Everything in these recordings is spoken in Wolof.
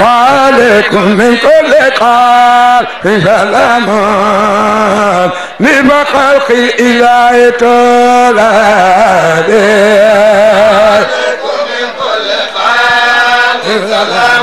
وعليكم من كل قال سلام لبخلق إله تولد وعليكم من كل قال سلام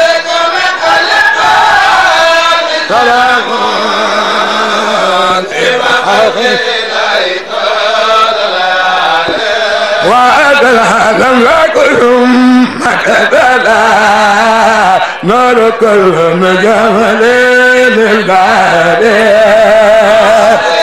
فلا غالب وأدل هذا ما كلهم مكتلا نار كل مجمل للباري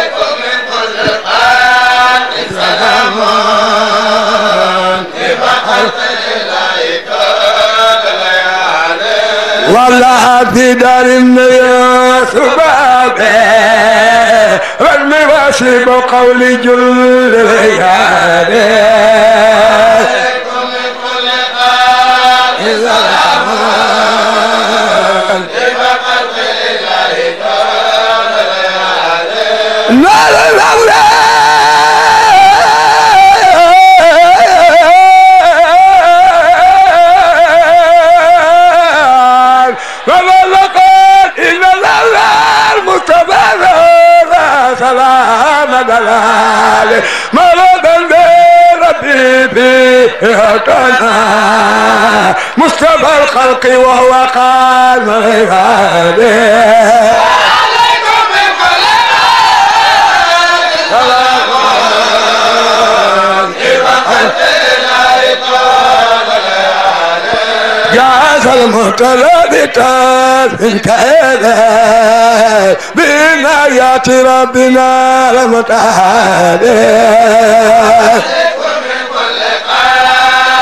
Allah بدار يسبابه والمواسي بقول جل رياده لا الجلال مرضا بربيبي يقنا مصطفى الخلق وهو قال مرضا هذا المهتدى بتال كأذى بنايات ربنا المتحدى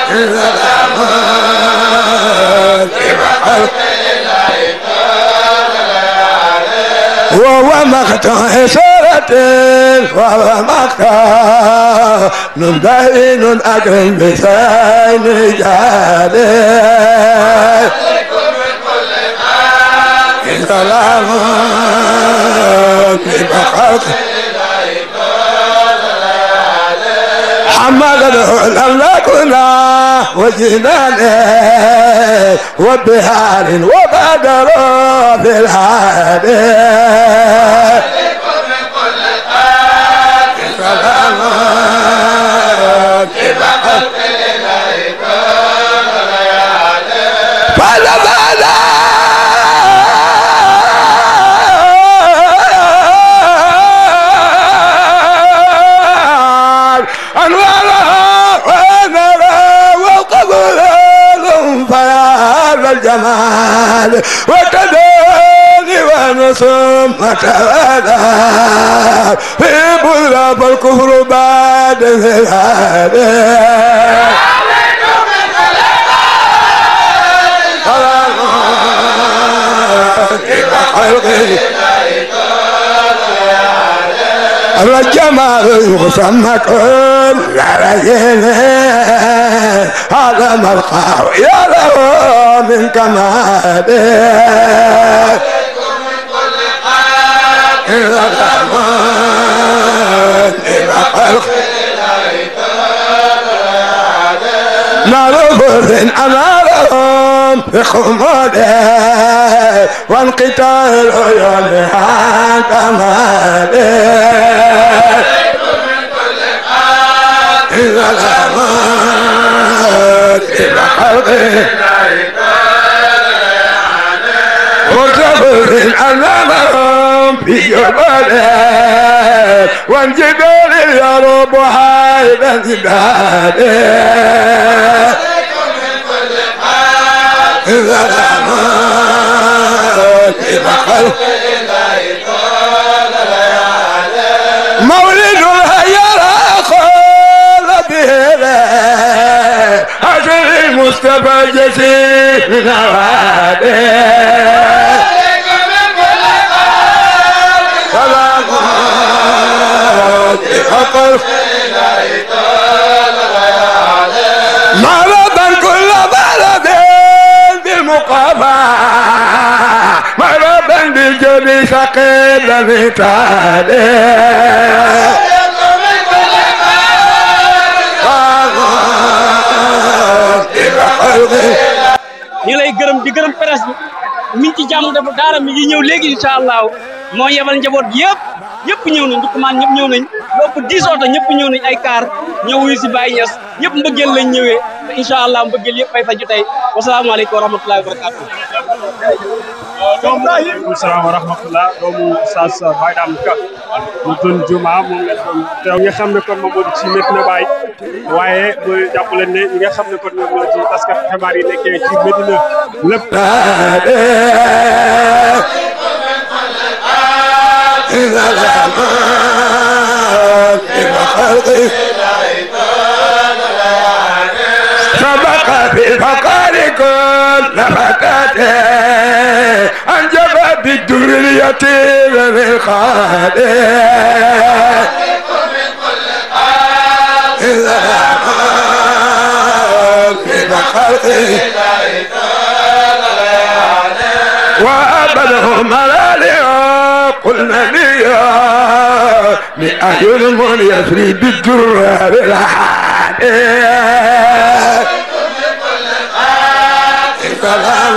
كل قال وهو مقطع سورة وهو مقطع نبين أكرم بسين جاري سلام محمد لكنا وجنانه وبهار وبدر في الحادث وتولى في مذنب الكفر بعد ذلك الجمال يسمى كل رجل هذا ما يا له من كماله إلا الرحمن إلا خلق لا نظر على لهم بخموله وانقتال عيون عن كماله إلا الأمان إلا حقه وجبر الأمان في جبال والجبال يرب حائل الجبال إذا الأمان إذا خلق مولد الهيرة خال به حجر المصطفى جسيم نواده أقر مرضا كل مرض بالمقابى مرضا بالجد ثقيل الذي تعالي ñu lay gërëm di gërëm presse bi mi ngi ci jàmm dafa daara mi ngi ñëw léegi incha allah moo yebal njaboot yëpp ñëpp ñëw nañ Ndoukoumane ñëpp ñëw nañ lépp dix oto ñëpp ñëw nañ ay kaar ñëw wuyu si Baye Niass ñëpp mbëggeel lañ ñëwee te allah mbëggeel yëpp ay faju tey wasalaamaaleykum wa rahmatullahi wa barakatu doomu salaam wa rahmatullah doomu Oustaz Baye Dame mu doon juma moom ngeen doon teew nga xam ne kon moom moo di ci Medina Baye waaye bu jàpp leen ne ñi nga xam ne kon ñoom ñoo ci taskat xibaar yi nekkee ci Medina lépp إلى الأمان إلى خلقه سبق بالفقر كل نفقته أنجب بالدر اليتيم من خاله إلى الأمان إلى خلقه وأبلهم ملالهم قلنا لي لأعين من يسري بالدراب الحاد كلام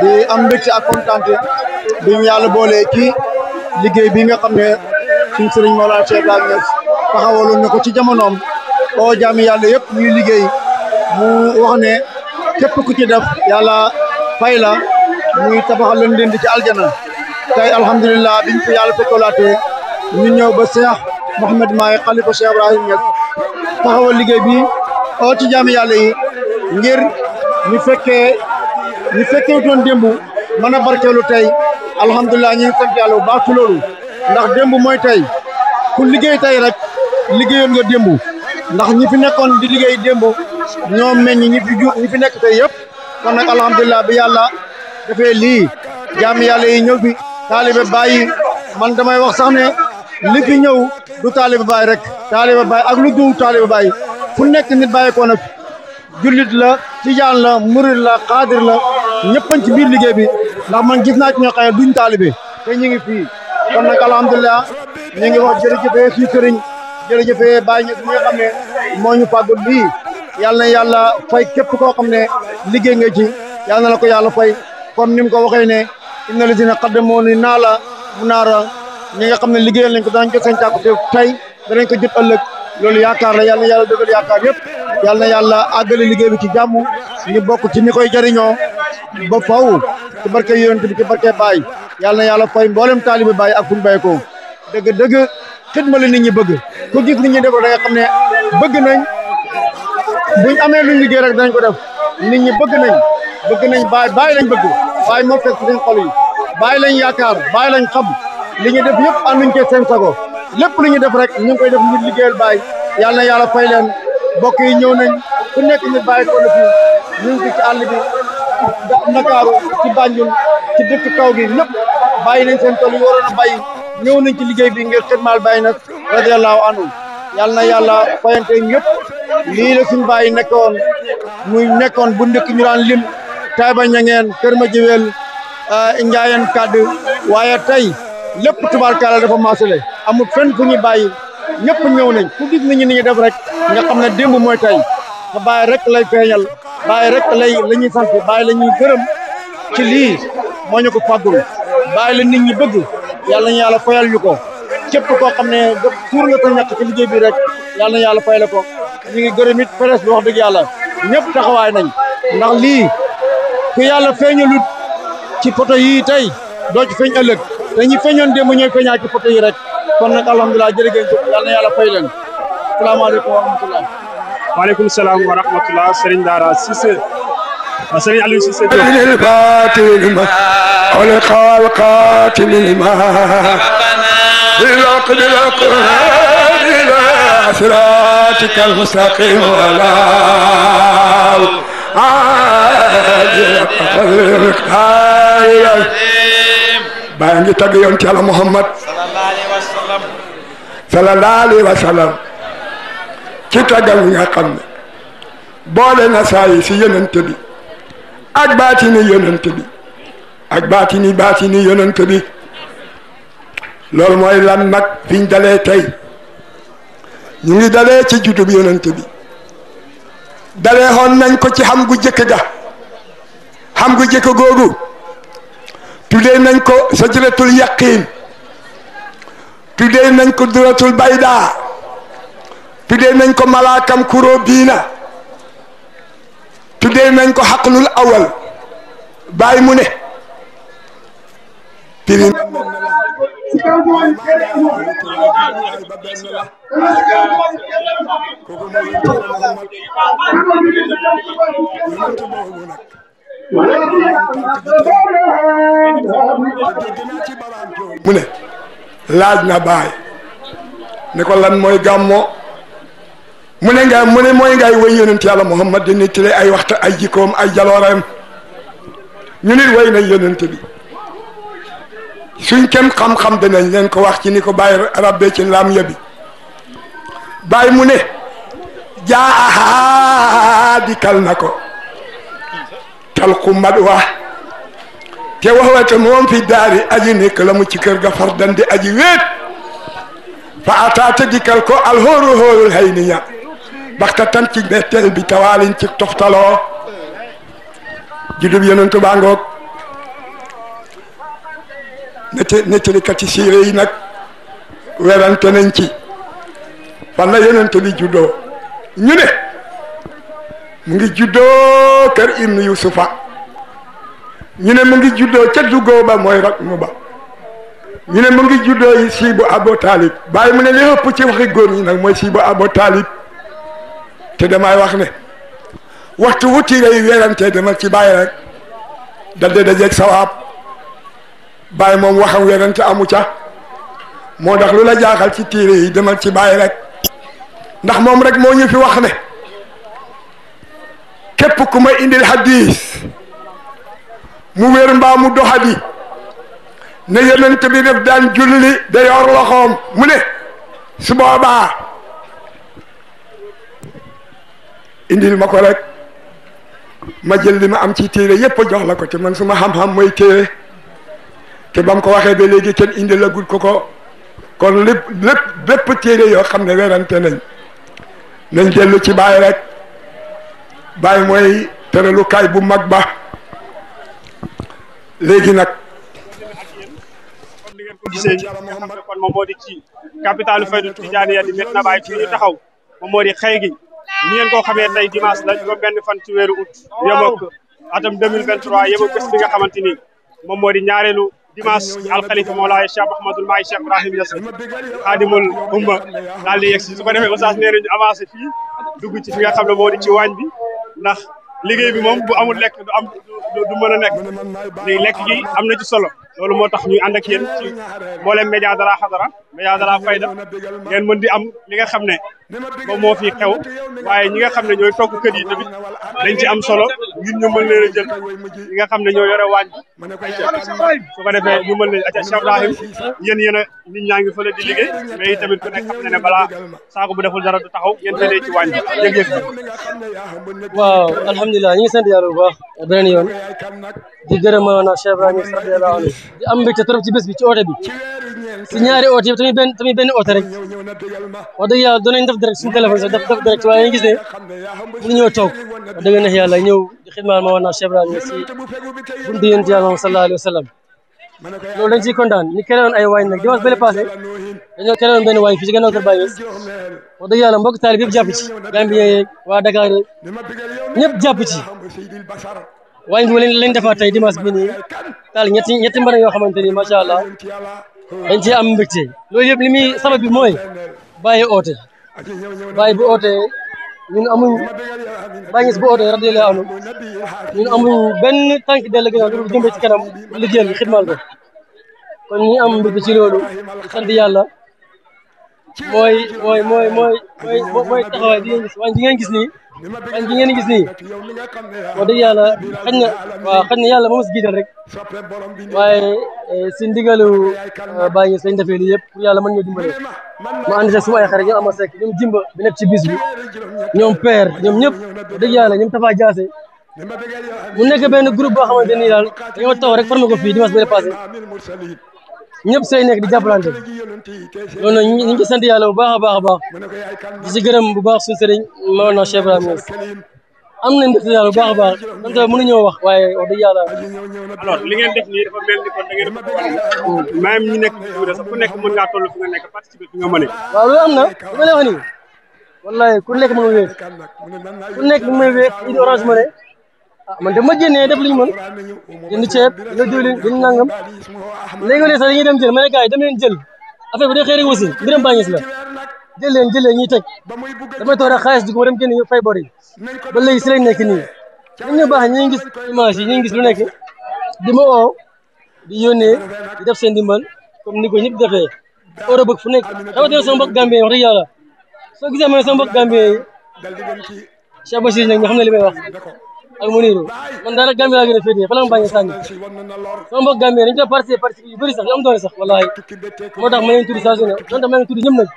di am mbégte ak kontante bi ñu yàlla boole ci liggéey bi nga xam ne suñ sëriñ Mawlana Cheikh Ibrahima Niass taxawaloon na ko ci jamonoom oo jaami yàlla yëpp ñuy liggéey mu wax ne ku ci def yàlla fay la muy tabaxal ci aljana tey alhamdulilah biñ fi yàlla fekkolaatee ñu ñëw ba Cheikh Mouhamed Maye xalifa Cheikh Ibrahim Niass taxawal liggéey bi oo ci jaami yàlla yi ngir ñu fekkee ñu fekkee démb mën a barkeelu tey alhamdulilah ñu ngi sant yàlla ndax démb mooy tey ku liggéey tey rek liggéeyoon nga démb ndax ñi fi nekkoon di liggéey démb ñoo meññ ñi fi ju ñi fi nekk tey yëpp kon nag alhamdulilah bi yàlla dafee lii jaam yàlla yi ñëw fi taalibe baay yi man damay wax sax ne li fi ñëw du taalibe baay rek taalibe baay ak lu duw taalibe baay fu nekk nit bàyyi ko nag jullit la tijaan la murid la xaadir la ñëppañ ci biir liggéey bi ndax man gis naa ci ñoo xam duñ taalibe te ñu ngi fii kon nag alhamdulilah ñu ngi wax jërëjëf suñu jërëjëfee bàyyi ñëpp mi nga moo ñu fàggul lii yàlla na yàlla fay képp koo xam ne liggéey nga ci yal na la ko yàlla fay comme ni mu ko waxee ne inna lazina moo ni naa la mu naara ñi nga xam ne liggéeyal nañ ko daan jot seen càkku te tey danañ ko jot loolu yaakaar la yàlla na yàlla dëggal yaakaar yëpp yàlla na yàlla àggale liggéey bi ci jàmm ñu bokk ci ni koy jëriñoo ba faw ci barke yonent bi ci barke Baay yàlla na yàlla fay mboolem taalibe Baay ak fu ñu bay ko xidma la nit ñi bëgg ku gis nit ñi def ko nga xam ne bëgg nañ buñ amee luñ liggéey rek dañ ko def nit ñi bëgg nañ bëgg nañ baay baay lañ bëgg baay moo fekk seen xol yi baay lañ yaakaar baay lañ xam li ñu def yëpp ànduñ ci seen sago lépp lu ñu def rek ñu koy def ngir liggéeyal baay yàlla na yàlla fay leen mbokk yi ñëw nañ ku nekk ñu bàyyi ko fi ñu ngi ci àll bi Ndakaaru ci Banjul ci dëkk kaw gi ñëpp bàyyi nañ seen tool yi waroon ñëw nañ ci liggéey bi ngir xidmaal bàyyi nag radiallahu anhu yàlla na yàlla fayante ñëpp lii la suñu nekkoon muy nekkoon bu ndëkk ñu daan lim Taïba Ñangeen Kër Madiabel euh, Njaayeen Kàdd waaye tey lépp tubaarkaala dafa maasale amul fenn fu ñu bàyyi ñëpp ñëw nañ ku gis ñu def rek nga xam na démb mooy tey te bàyyi rek lay feeñal bàyyi rek lay la ñuy sant bàyyi la gërëm ci lii moo ñu ko fàggul bëgg yàlla na yàlla fayal ñu ko képp koo xam ne tuur nga ko ñàkk ci liggéey bi rek yàlla na yàlla fayal ko ñu ngi gërëm it presse bi wax dëgg yàlla ñëpp taxawaay nañ ndax lii ku yàlla feeñalut ci poto yii tey doo ci feeñ ëllëg te ñi feeñoon démb ñooy feeñaa ci poto yi rek kon nag alhamdulilah jërëjëf yàlla na yàlla fay leen salaamaaleykum wa rahmatulah. waaleykum salaam wa rahmatulah Serigne Serigne Aliou Cissé صراطك المستقيم ولا baa ngi tagg yoon ci Yàlla Muhammad sallallahu alayhi wa sallam ci taggal bi nga xam ne boole na saa yi si yeneen bi ak baatini yonent bi ak baatini baatini yonent bi loolu mooy lan nag fiñ dalee tey ñu ngi dalee ci judub yonent bi dalee xoon nañ ko ci xam gu jëkk ga xam gu jëkk googu tuddee nañ ko sajratul yaqiin tuddee nañ ko duratul baydaa tuddee nañ ko malaakam kuroo biina tuddee nañ ko xaqlul awal bàyyi mu ne prix mu ne na bàyyi ko lan mooy gàmmo mu ne ngay mu ne mooy ngay way yonent yàlla Muhammad di nettali ay waxta ay jikkoom ay jalooreem ñu nit way nañ yonent bi suñ kenn xam-xam danañ leen ko wax ci ni ko bàyyi rabbe ci laam yabi bàyyi mu ne jaa ahaa di kal na ko talku madwa te waxwate moom fi daari aji nekk la mu ci kër ga far dandi aji wéet fa ataata dikkal ko alxóoru xóorul hay niya baxta tan ci mbetteel bi tawaalin ci toxtaloo juddub yonentu baa ngoog nett nettalikat yi siire yi nag werante nañ ci fan la yonent bi juddoo ñu mu ngi juddoo kër ibnu yusufa ñu ne mu ngi juddoo ca duggoo ba mooy rak mu ba ñu mu ngi juddoo yi siibu abo taalib bàyyi mu ne li ëpp ci waxi góor ñi nag mooy siibu abo taalib te damay wax ne waxtu wuti ngay weerantee demal ci bàyyi rek dal dee dajeeg sawaab bàyyi moom waxam weerante amu ca moo tax lu la jaaxal ci téere yi demal ci bàyyi rek ndax moom rek moo ñu fi wax ne képp ku ma indil hadis mu wér mbaa mu doxadi ne yonent bi def daan julli da yor loxoom mu ne su boobaa indil ma ko rek ma jël li ma am ci téere yépp jox la ko te man suma xam-xam mooy téere te bam ko waxee ba léegi kenn indilagul ko ko kon lépp lépp bépp téere yoo xam ne werante nañ nañ dellu ci baay rek baay mooy tëralukaay bu mag ba léegi nag ni ngeen ko gisee moo di ci capitalu faydu tijaaniya di met na baay fi ñu taxaw moom moo di gi ni ngeen koo xamee tey dimanche la juróom benn fan ci weeru août atam 2023 yemook bés bi nga xamante ni moom moo di ñaareelu dimanche alxalifa moolaay Cheikh Ahmadul Maay Cheikh Ibrahim Niass xaadimul umma daal di yegg si su ko defee oustaz nee nañu avancé fii dugg ci fi nga xam ne moo di ci waañ bi ndax liggéey bi moom bu amul lekk du am du mën a nekk di lekk gi am na ci solo loolu moo tax ñuy ànd ak yéen ci mboolem média dara xadara média dara fayda ngeen mën di am li nga xam ne moom moo fi xew waaye ñi nga xam ne ñooy togg kër yi tamit dañ ci am solo ñun ñu mën leen a jël ñi nga xam ne ñoo yore waañ su ko defee ñu mën leen aca Cheikh Ibrahim yéen yéen a nit ñaa ngi fële di liggéey mais tamit ku nekk xam ne ne balaa saako bu deful dara du taxaw yéen ci waañ bi waaw alhamdulilah ñu ngi sant yàlla bu yoon di gërëm euh, na Cheikh Ibrahim radiyallahu anhu di am mbégte trop ci bés bi ci oote bi si ñaari oote tamit benn tamit benn oote rek wax dëgg yàlla doon nañ def direct suñu téléphone waaye ñu gis ne mënuñoo toog dëgg neex yàlla ñëw di xidmaal ma woon naa Cheikh Ibrahima si buntu yonent yàlla moom sallallahu alayhi wa sallam loolu dañ ciy kontaan ñu keroon ay waañ nag dimanche bële passé dañoo keroon benn waañ fii ci gannaaw kër Baye waa Dakar yeeg ñëpp waañ bi leen leen defaat tey dimanche taal ñetti ñetti yoo xamante ni allah dañ cee am mbégte loolu yëpp bi mooy Baye oote Baye bu ootee ñun amuñ baa ngi si bu ootee radiyallahu anhu ñun amuñ benn tànk dellu ginnaaw du jëmbe ci kanam liggéeyal bi xidmaal ko kon ñi am mbégte ci loolu sant yàlla mooy mooy mooy mooy mooy mooy taxawaay bi ngeen gis waaye gis ni ren gi ngeen gis nii wax dëgg yàlla xañ na waaw xañ na yàlla moom si jiital rek waaye eh, si ndigalu eh, bàyyi sañ defee lii yëpp yàlla mën ñoo dimbale ma ànd sa suma ay xarit ñoom ama sekk jimba bi nekk ci bis bi ñoom père ñoom ñëpp wax dëgg yàlla ñoom tafa jaase mu nekk benn groupe boo xamante nii daal rek formé ko fii dimanche bi passé ñëpp say nekk di jàppalante loolu nag ñu ngi sant yàlla baax a baax a baax di si gërëm bu baax suñu sëriñ Maodo Cheikh Ibrahima Niass am nañ def na bu baax a baax donte mënuñoo wax waaye wax dëgg yàlla. alors li ngeen def nii dafa mel ni kon da ngeen def même ñu nekk ci biir sax ku nekk mën ngaa toll fi nga nekk participer fi nga mën waaw loolu am na li ma ku nekk mën nga ku nekk mën nga wéer indi orange money Ah, man dama génnee def li ñu mën jënd ceeb jënd diwlin jënd nangam léegi ne dem jël ma ne gars yi dem leen jël affaire bi day xëy rek aussi mbiram bàññis la jël leen jël leen ñuy teg damay toog rek xaalis dugub dem génn ñu fay bor yi ba léegi si lañ nekk nii ñun ñi gis image yi ñi ngi gis lu di ma oo di yónnee di def seen dimbal comme ni ko ñëpp defee euro bëgg fu nekk rawatina sama mbokk Gambien wax dëgg yàlla soo gisee ma ne sama mbokk Gambien yi Cheikh Bachir nag xam ne li may wax ak Muniru man daanaka Gambie laa gën a féetee fa la ma bañ a sànni sama mbokk Gambie dañ koy participer participer yu bëri sax yu am doole sax wallaahi moo tax ma leen tuddi saa su ne donte ma leen tuddi ñëpp nag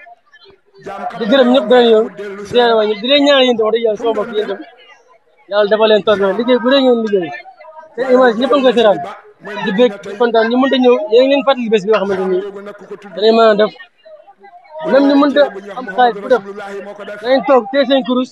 di gërëm ñëpp beneen yoon di leen wàññi di leen ñaanal yéen tam wax sama mbokk yéen tam yàlla dafa leen toog liggéey bu dee ngeen liggéey seen image ñëpp a ngi di bég kontaan ñu mënta ñëw yéen bi nga def même ñu mënta am bu def seen kurus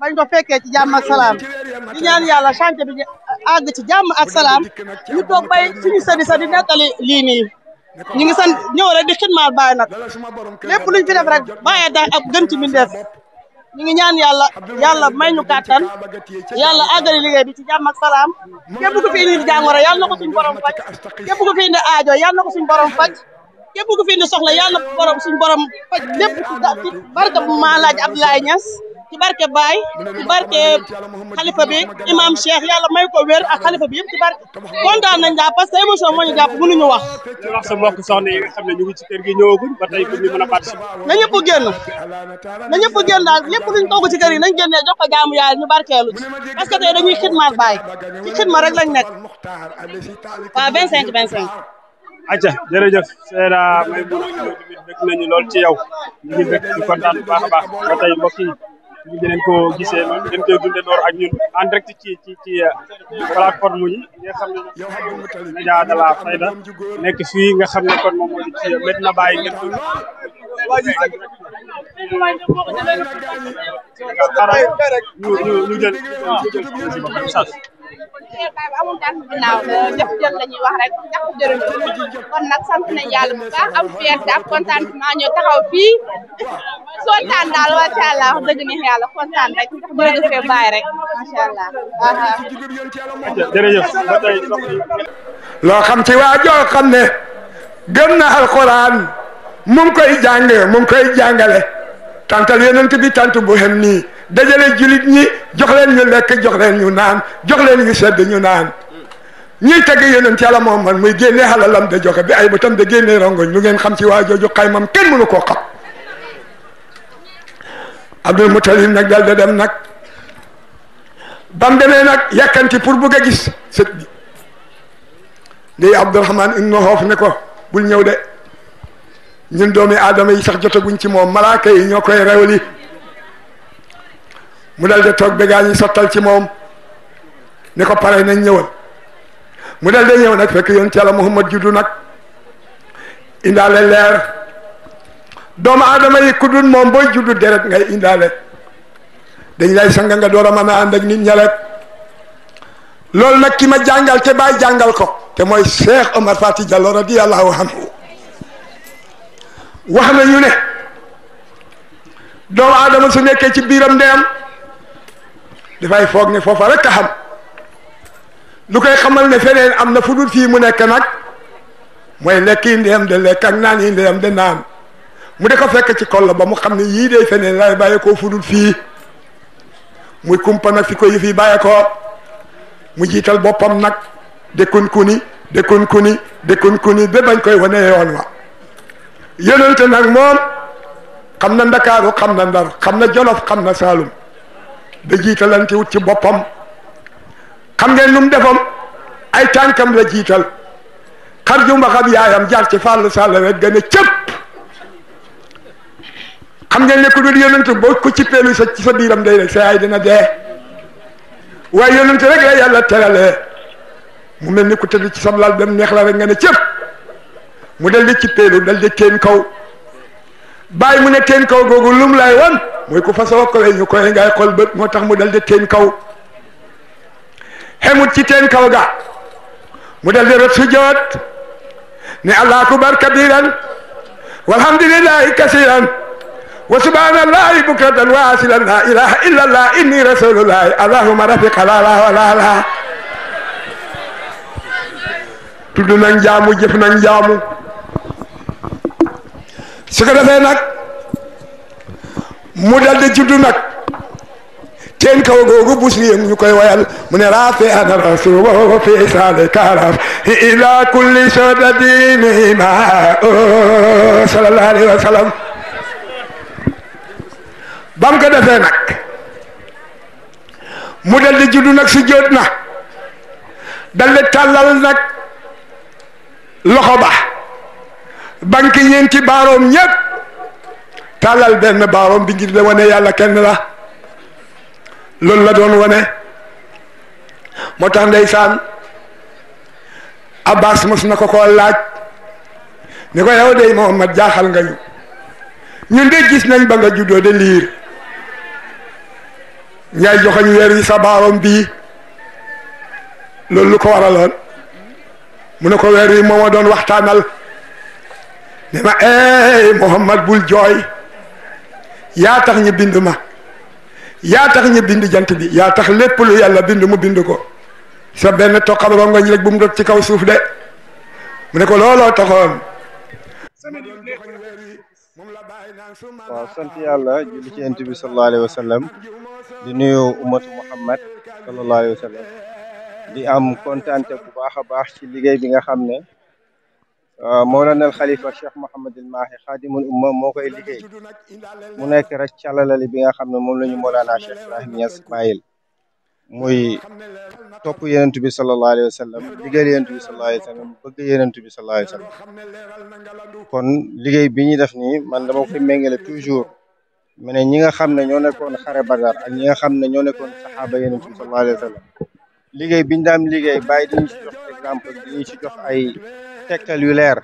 bañ do fekkee ci jamm ak salam di ñaan yalla chanté bi ag ci jamm ak salam ñu toog bay suñu sëri sa di nekkali li ni ñi ngi san ñëw rek di xidmaal baay nak lepp luñu fi def rek baay da ak gën ci def ñi ngi ñaan yalla yalla may ñu katan yalla agali liggéey bi ci jamm ak salam képp ku fi ni jàngoro yàlla na ko suñ borom fajj képp ku fi ni aajo yalla nako suñu borom fajj képp ku fi ni soxla yàlla borom suñ borom faj lépp ci barka bu maa laaj Abdoulaye Niass ci barke Baye ci barke xalifa bi imam Cheikh yàlla may ko wér ak xalifa bi yëpp ci barke kontaan nañ daal parce que émotion moo ñu jàpp mënuñu wax ci wax sa mbokk soxna yi nga xam ne ñu ngi ci kër gi ñëwaguñ ba tey pour ñu mën a participer na ñëpp génn na ñëpp génn daal lépp luñ togg ñu barkeelu ci parce dañuy xidmaal Baye ci xidma rek lañ nekk waaw vingt cinq vingt cinq acca jërëjëf Seyda Maimouna ñëw tamit nañu lool ci yow ñu ngi bëgg di kontaan bu baax a baax yi ñu ngi leen ko gisee noonu ngeen koy dundee door ak ñun en direct ci ci ci plateforme yi nga xam ne média de la fayda nekk fii nga xam ne kon moom moo di ci Medina Baye ngeen ñu ñu ñu baay bi amul tànk ginnaaw euh, jëf jël la ñuy wax rek jàpp jërëm kon nag sant nañ yàlla ñoo taxaw fii kontaan daal macha allah wax dëgg loo xam ci waa joo xam ne gëm na alquran mu ngi koy jàng mu ngi koy jàngale tantal yonent bi tant bu xem nii dajale julit ñi jox leen ñu lekk jox leen ñu naan jox leen ñu sedd ñu naan ñuy tagg yonent yàlla moom man muy génnee xalalam da joxe bi ay ba tam da génnee rongoñ lu ngeen xam ci waa jooju xaymam kenn mënu koo xam Abdul Mutalib nag dal dem nag bam demee nag yàkkanti pour bugg a gis sët bi lii Abdurahman ibnu Xoof ko bul ñëw de ñun doomi aadama yi sax jotaguñ ci moom malaaka yi ñoo koy rewli mu dal di toog ba gaa sottal ci moom ni ko pare nañ ñëwal mu dal di ñëw nag fekk yoon ci yàlla Muhammad juddu nag indaale leer doomu adama yi ku dul moom booy juddu deret ngay indaale dañ lay sanga nga door a mën a ànd ak nit ñalet loolu nag ki ma jàngal te bàyyi jàngal ko te mooy Cheikh Omar Fati Diallo radiyallahu anhu wax nañu ne doomu aadama su nekkee ci biiram ndeyam dafay foog ne foofa rek a lu koy xamal ne feneen am na fu dul fii mu nekk nag mooy lekk yi ndeyam de lekk ak naan yi ndeyam de naan mu de ko fekk ci koll ba mu xam ne yii dey feneen lay bàyyi koo fu dul fii muy kumpa nag fi ko yëf yi bàyyi ko mu jiital boppam nag dëkkun kuni dëkkun kuni dëkkun kuni ba bañ koy wane yoon wa yonente nag moom xam na ndakaaru xam na ndar xam na jolof xam na saalum da jiitalante wut ci boppam xam ngeen nu mu defam ay tànkam la jiital xar jumba xam yaayam jaar ci fàll sàll rek gën a cëpp xam ngeen ne ku dul yonent boo ko ci peelu sa ci sa biiram day rek sa yaay dina dee waaye yonent rek la yàlla teralee mu mel ni ku tëdd ci sam lal dem neex la rek nga ne cëpp mu dal di ci peelu dal di teen kaw bàyyi mu ne teen kaw googu lum lay wan mooy ku fasoo kowe ñu kowe ngay xool bët moo tax mu dal di teen kaw xemut ci teen kaw ga mu dal di rot sujjoot ne allahu akbar kabiran walhamdulillahi kasiran wa subhanallahi bukratan wa asilan la ilaha inni rasulullahi allahumma rafiqa la la wala tudd na njaamu jëf na njaamu su ko defee mu dal di juddu nag teen kaw googu bu siyee ñu koy wayal mu ne raafe ana rasu woo fi saale kaaraf ila kulli sadadin ima oh, sallallahu alayhi wa sallam bam ko defee nag mu dal di nag si jóot na dal di nag loxo ba banque ñeenti baaroom ñëpp tàllal benn baaroom bi ngir de wane yàlla kenn la loolu la doon wone moo tax ndeysaan abbas mos na ko koo laaj ni ko yow dey Muhammad jaaxal nga ñu ñun de gis nañ ba nga juddoo de liir ngay joxoñ weer yi sa baaroom bii loolu lu ko waraloon mu ne ko weer yi moo ma doon waxtaanal ne ma ey Muhammad bul jooy yaa tax ñu bind ma yaa tax ñu bind jant bi yaa tax lépp lu yàlla bind mu bind ko sa benn toqal rongoñ rek bu mu dot ci kaw suuf de mu ne ko looloo taxoon waaw sant yàlla julli ci yonent bi sallallahu wa sallam di nuyu umatu muhammad sallallahu wa sallam di am kontaan bu baax a baax ci liggéey bi nga xam ne آه، مولانا الخليفة الشيخ محمد الماحي خادم الأمة موقع اللي هناك رجال اللي بيها خمنا مولانا مولانا الشيخ رحمة اسماعيل موي توب ينتو صلى الله عليه وسلم ديغال ينتو صلى الله عليه وسلم بغ ينتو صلى الله عليه وسلم كون ليغي بي ني داف ني في مينغال توجور من نيغا خامنا ньо نيكون خاري بدر اك نيغا خامنا ньо نيكون صحابه ينتو صلى الله عليه وسلم ليغي بي ندام ليغي باي دي ني جوخ اي tegtal yu leer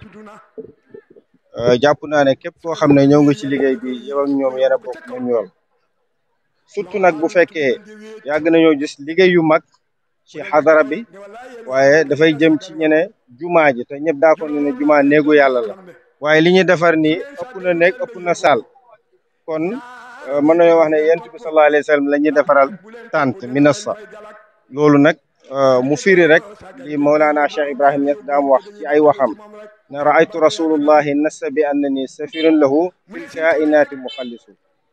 euh, jàpp naa ne képp koo xam ne ñëw nga ci liggéey bi yow ak ñoom yéen a bokk ñoom yoon surtout nag bu fekkee yàgg nañoo gis liggéey yu mag ci xadara bi waaye dafay jëm ci ñene jumaa ji te ñëpp daa ko ne jumaa néegu yàlla la waaye li ñuy defar nii ëpp na na saal kon euh, mën nañoo wax ne yent bi sallallahu alayhi wa sallam la ñuy defaral tànt minassa loolu mu firi rek li Mawlana Cheikh Ibrahim Niass daam wax ci ay waxam ne raaytu rasulullahi nassa bi annani safirun lahu fi kainaati muxallisu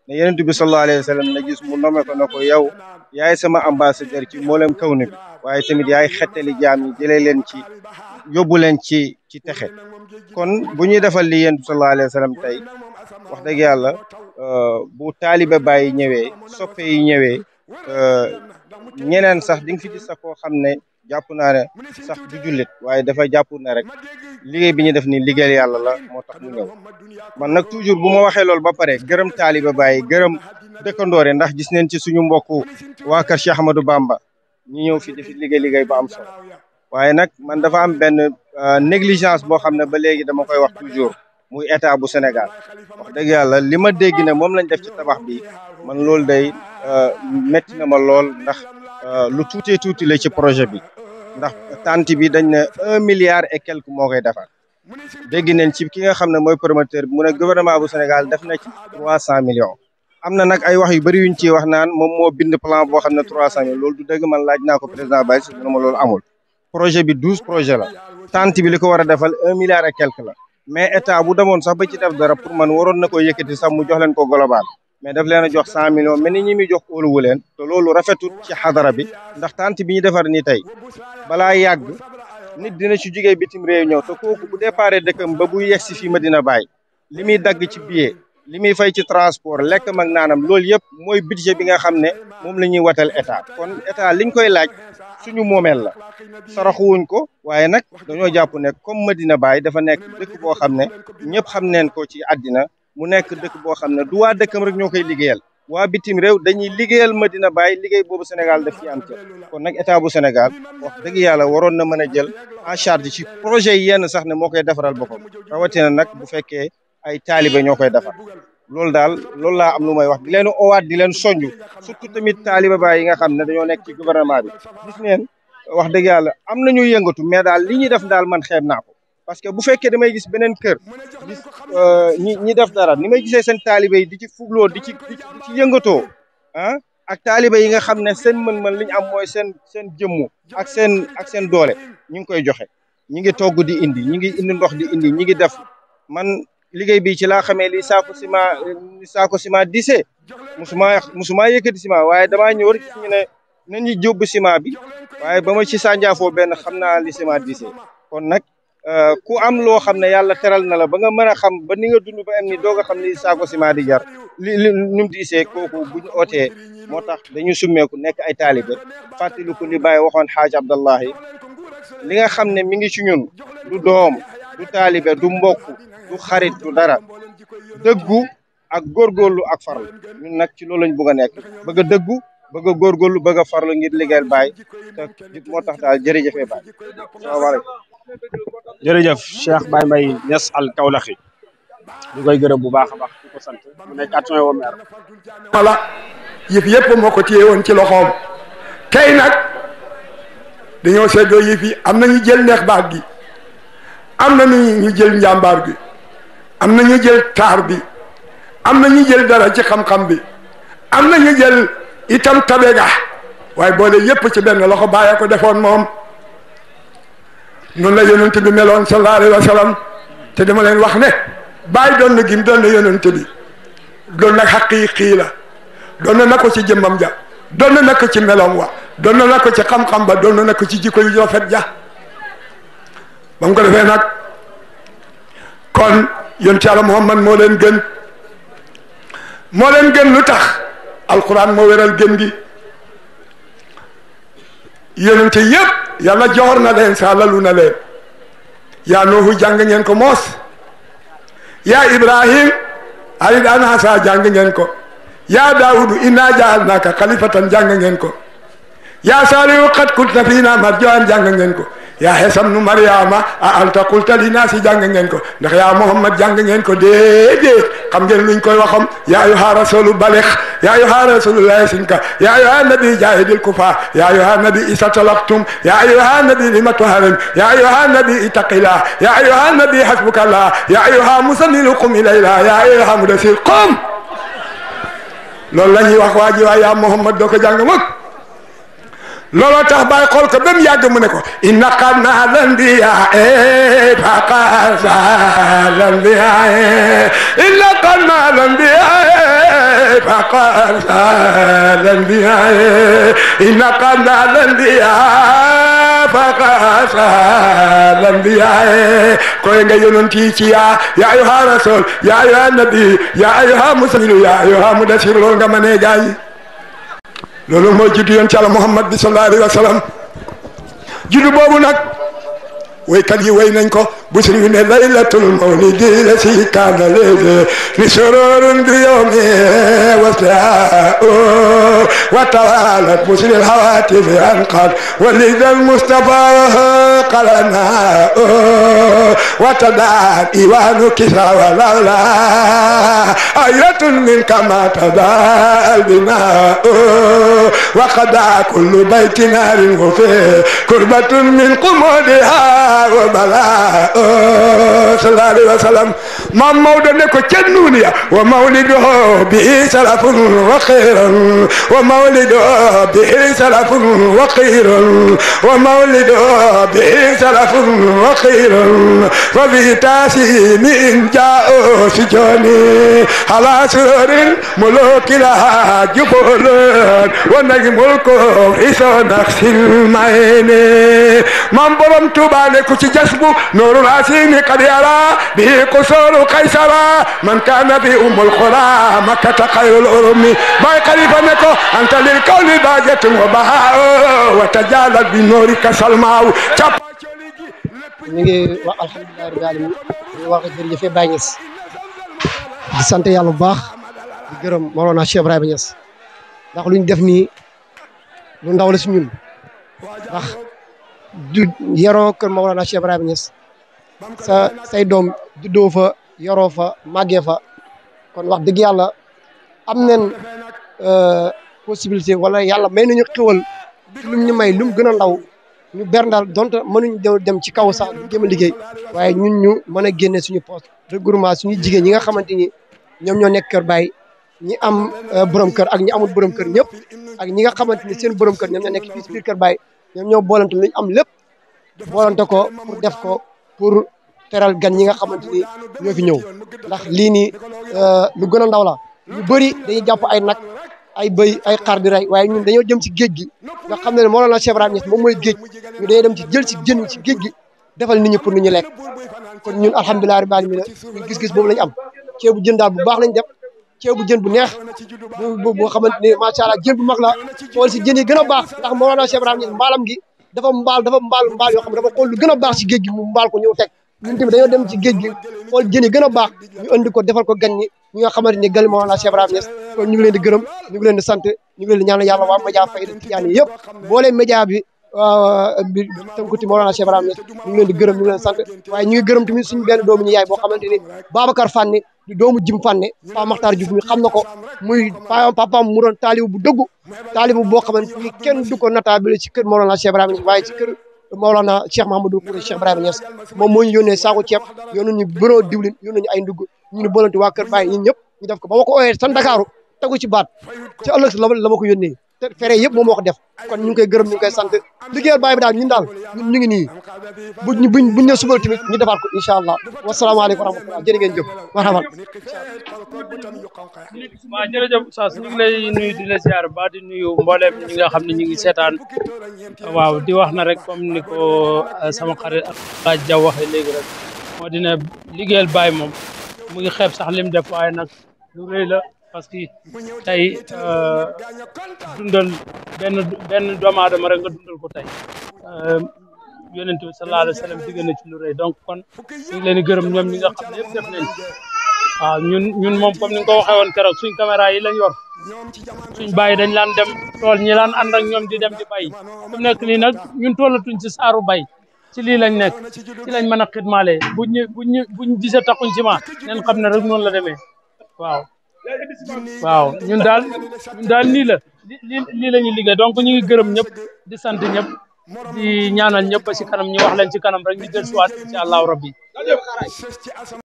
ne yenent bi sallallahu alayhi wa sallam na gis mu nome ko na ko yow yaay sama ambassadeur ci mboolem kaw ni waaye tamit yaay xettali jaam yi jëlee leen ci yóbbu leen ci ci texe kon bu ñuy defal li yenent bi sallallahu alayhi wa sallam tey wax dëgg yàlla bu taalibe bàyyi ñëwee soppe yi ñëwee ñeneen sax di nga fi sax koo xam ne jàpp naa ne sax du jullit waaye dafa jàpp ne rek liggéey bi ñu def nii liggéeyal yàlla la moo tax mu ñëw man nag toujours bu ma waxee loolu ba pare gërëm taaliba bàyyi gërëm dëkkandoore ndax gis neen ci suñu mbokku waa kër Cheikh Ahmadou Bamba ñu ñëw fi dafi liggéey liggéey bu am solo waaye nag man dafa am benn euh, négligence boo xam ne ba léegi dama koy wax toujours muy état bu Sénégal wax dëgg yàlla li ma dégg ne moom lañ def ci tabax bi man loolu day euh, métti na ma lool Euh, lu tuutee tuuti la ci projet bi ndax tant bi dañ ne un milliard et quelque moo koy defar dégg nañ ci ki nga xam ne mooy promoteur bi mu ne gouvernement bu Sénégal def na ci trois cent millions. am na nag ay wax yu bëri yuñ ci wax naan moom moo bind plan boo xam ne trois cent millions loolu man laaj naa ko président Baye si dina ma amul. projet bi douze projet la tente bi li ko war a defal un milliard et quelque la mais état bu demoon sax ba ci def dara pour man waroon na ko yëkkati sax mu jox leen ko global. mais daf leen a jox cent millions mais ni ñi muy jox óoluwu leen te loolu rafetul ci xadara bi ndax tante bi ñu defar ni tey balaa yàgg nit dina ci jugee bitim réew ñëw te kooku bu départ dëkkam ba bu yegsi fii Medina Baye li muy dagg ci billet li muy fay ci transport lekk mag naanam loolu yëpp mooy budget bi nga xam ne moom la ñuy watal état kon état liñ koy laaj suñu moomeel la wuñ ko waaye nag dañoo jàpp ne comme Medina Baye dafa nekk dëkk boo xam ne ñëpp xam neen ko ci àddina mu nekk dëkk boo xam ne du waa dëkkam rek ñoo koy liggéeyal waa bitim réew dañuy liggéeyal Medina Baye liggéey boobu Sénégal daf fi am ca kon nag état bu Sénégal wax dëgg yàlla waroon na mën a jël en charge ci projet yi yenn sax ne moo koy defaral boppam rawatina nag bu fekkee ay taalibe ñoo koy defar loolu daal loolu laa am lu may wax di leen wa di leen soññu surtout tamit taalibe Baye yi nga xam ne dañoo nekk ci gouvernement bi gis neen wax dëgg yàlla am nañu yëngatu mais daal li ñuy def daal man xeeb naa parce que bu fekkee damay gis beneen kër gis euh, ñi ñi def dara ni may gisee seen taalibe yi di ci fugloo di ci di ci yëngatoo ah ak taalibe yi nga xam ne seen mën-mën li ñu am mooy seen seen jëmmu ak seen ak seen doole ñu ngi koy joxe ñi ngi togg di indi ñi ngi indi ndox di indi ñi ngi def man liggéey bi ci laa xamee li saako sima li saako sima disee musuma musuma yëkkati sima waaye damaa ñëw rek ñu ne nañu bi waaye ba ma ci sànjaafoo benn xam naa li sima disee kon nag Euh, ku am loo xam ne yàlla teral na la ba nga man a xam ba ni nga dund ba am ni doog a xam ne saako ciment di jar li li nu mu diisee kooku buñu ootee moo tax dañu summeeku nekk ay taalibe fàttali ko ni Baye waxoon xaaj Abdallahi li nga xam ne mi ngi ci ñun du doom du taalibe du mbok du xarit du dara dëggu ak góorgóorlu ak far ñun nag ci loolu lañ bëgg a nekk bëgg a dëggu bëgg a góorgóorlu bëgg a farlu ngir liggéeyal Baye te moo tax daal jërëjëfee Baye salaamaaleykum jërëjëf Cheikh Baye Mbaye Niass al Kaolaxi ñu koy gërëm bu baax a baax di ko sant mu nekk adjoint au maire wala yëf yëpp moo ko téye woon ci loxoom nag dañoo seddoo yëf yi am na ñu jël neex baat gi am na ñu jël njàmbaar bi am na ñu jël taar bi am na ñu jël dara ci xam-xam bi am na ñu itam itam tabega waaye boole yëpp ci benn loxo bàyyee ko defoon moom non la yonenté bi melone sallallahu alayhi wa sallam te dama len wax ne bay don na gim don na yonenté bi don na haqiqi la don na na ci jëmmam ja don na na ci melom wa don na na ci xam-xam ba don na na ci jikko yu rafet ja bam ko defé nak kon yonenté ala Muhammad mo len gën mo len gën lutax alquran mo wéral gën gi te yëpp yàlla joor na leen saalalu na leen yaa noohu jàng ngeen ko moos yaa ibrahim arid anasa jàng ngeen ko yaa daawudu inna jaalnaaka xalifatan jàng ngeen ko yaa saalihu qad kunta fiina marjooan jàng ngeen ko yaa xesam nu mariama a anta qulta linaasi jàng ngeen ko ndax yaa muhammad jàng ngeen ko déedéet xam ngeen luñ koy waxam yaa ayyuha rasulu balix yaa ayyuha rasulu laysinka yaa ayyuha nabi jahidil kufa yaa ayyuha nabi isa talaqtum yaa ayyuha nabi lima tuharim yaa ayyuha nabi itaqila yaa ayyuha nabi hasbukallah yaa ayyuha musannilu qum ilayla yaa ayyuha mudasir qum loolu la ñuy wax waa ji waa yaa muhammad doo ko jàng mag looloo tax bàyyi xool ko ba mu yàgg mu ne ko inna qadna lan biya e baqasa lan biya e inna qadna lan biya e baqasa lan biya e inna qadna lan e. ci ya ya ayuha rasul ya ayuha nabi ya ayuha muslilu ya ayuha mudasir lool nga mane gaay loolu mooy juddu yoon ci Yàlla Muhammad bi sallallahu alayhi wa sallam juddu boobu nag ويكالي yi way nañ ko bu sëriñ كان ne لسرور mawlidi la si kaana léegi ni sororun وتوالت مسل الهواتف أنقذ ولذا المصطفى قلنا وتدعى إيوان كسا ولولا آية منك ما تدعى البناء وقد كل بيت نار وفيه كربة من قمودها balaahu balaahu sallallahu alayhi wa sallam maam Maodo ne ko ca nuuniya wa mawliduhu bihi salafun wa xayrun wa mawliduhu bihi salafun wa xayrun wa mawliduhu bihi salafun wa xayrun fa bihi taasimi in jaa'u sijoni ala sururin mulukilaha jubolun wa najmul kufri so naqsil mayni maam borom Tuubaa نيكوش جسم نور العسيم قد يرى به قصور قيسرى من كان في أم القرى مكة خير الأرم باي خليفة نكو أنت للكون باجة وبهاء وتجالت بنورك سلماء ñu ngi wax alhamdulilah rabbil alamin ñu wax jërëjëf Baye Niass di sant yàlla bu baax di gërëm Mawlana Cheikh Ibrahima Niass ndax lu ñu def nii lu ndaw la si ñun ndax du yaroo kër Maolana Cheikh Ibrahima Niass sa say doom juddoo fa yaroo fa magge fa kon wax deug yalla am nañ euh, possibilité wala yalla may nañu xewal lum ñu may lum gëna ndaw law ñu berndaal donte ñu dem ci kaw sax du gëm a liggéey waaye ñun ñu mëna a suñu poste regroupement suñu jigeen yi nga xamanteni ñom ñoo nek kër bay ñi am euh, borom kër ak ñi amul borom kër ñëpp ak ñi nga xamanteni seen borom kër ñom ñoo nek ci biir kër bay ñoom ñoo boolante li am lépp boolante ko pour def ko pour teral gan ñi nga xamante ni ñoo fi ñëw ndax lii nii euh, lu gën a ndaw la ñu bëri dañuy jàpp ay nag ay bëy ay xar di rey waaye ñun dañoo jëm ci géej gi nga xam ne moo la a Ibrahima Niass moom mooy géej ñu dañoo dem ci jël ci jën ci géej gi defal nit ñi pour nit ñi lekk kon ñun alhamdulilah rabbil alamin gis-gis boobu lañu am ceebu jën daal bu baax lañ def ceebu jën bu neex bu boo xamante ni allah jën bu mag la si jën yi a baax ndax Mawlana Cheikh Ibrahima mbaalam gi dafa mbaal dafa mbaal mbaal yoo xam dafa xool lu a baax si géej mu mbaal ko ñëw teg ñun tamit dañoo dem ci géej gi xool jën a baax ñu andi ko defal ko gan ñi ñi nga xamante ni gali Mawlana Cheikh Ibrahima Niass kon ñu ngi leen di gërëm ñu ngi leen ñu ngi leen di ñaanal fayda tijaan yëpp boolee média bi mbir tënku ci Mawlana Cheikh Ibrahima Niass leen di gërëm gërëm tamit suñu benn doomu ñu yaay boo xamante ni Babacar Fane di doomu Jim Fane Pa Makhtar Diouf mi xam na ko muy papaam mu doon taalibu bu dëggu taalibu boo xamante ni kenn du ko nataabale ci kër Mawlana Cheikh Ibrahima Niass waaye ci kër Mawlana Cheikh Mahamadou Kouré Cheikh Ibrahima Niass moom moo ñu yónnee saako ceeb yónnu ñu bëroo diwlin yónnu ñu ay ndugg ñu ni bolante waa kër Baye ñun ñëpp ñu def ko ba ma ko ooyee san Dakaaru tegu ci baat la ma ko yónnee te fere yëpp moom moo ko def kon ñu ngi koy gërëm ñu ngi koy sant liggéeyal baay bi daal ñun daal ñu ngi nii buñ buñ ne ñu defaat ko incha allah wasalaamaaleykum wa rahmatulah jërë ngeen jëf marhaban. waaw ñu di la ziar ba di nuyu mbooleem ñi nga xam ne ñu ngi seetaan waaw di wax na rek comme ni ko euh, sama xarit ak jaw waxee rek moo dina liggéeyal baay moom mu ngi xeeb sax lim def waaye nag lu rëy parce que tey euh, dundal benn benn doomu aadama rek nga dundal ko tey euh, yonent bi sallallahu alayhi wa sallam digg na ci lu donc kon ñu ngi leen gërëm ñoom ñi nga xam ne yëpp def nañ ci ñun ñun moom comme ni nga ko waxee woon keroog suñ caméra yi lañ yor suñ bàyyi dañ laan dem tool ñi laan ànd ak ñoom di dem di bay mu nekk nii nag ñun toolatuñ ci saaru bay ci lii lañ nekk ci lañ mën a xidmaale buñ ñu buñ ñu buñ gisee taxuñ ci ma neen xam ne rek noonu la demee waaw waaw ñun daal ñun daal nii la lii la ñuy liggéey donc ñu ngi gërëm ñëpp di sant ñëpp di ñaanal ñëpp ba si kanam ñu wax leen ci kanam rek ñu jël suwaat incha allahu rabbi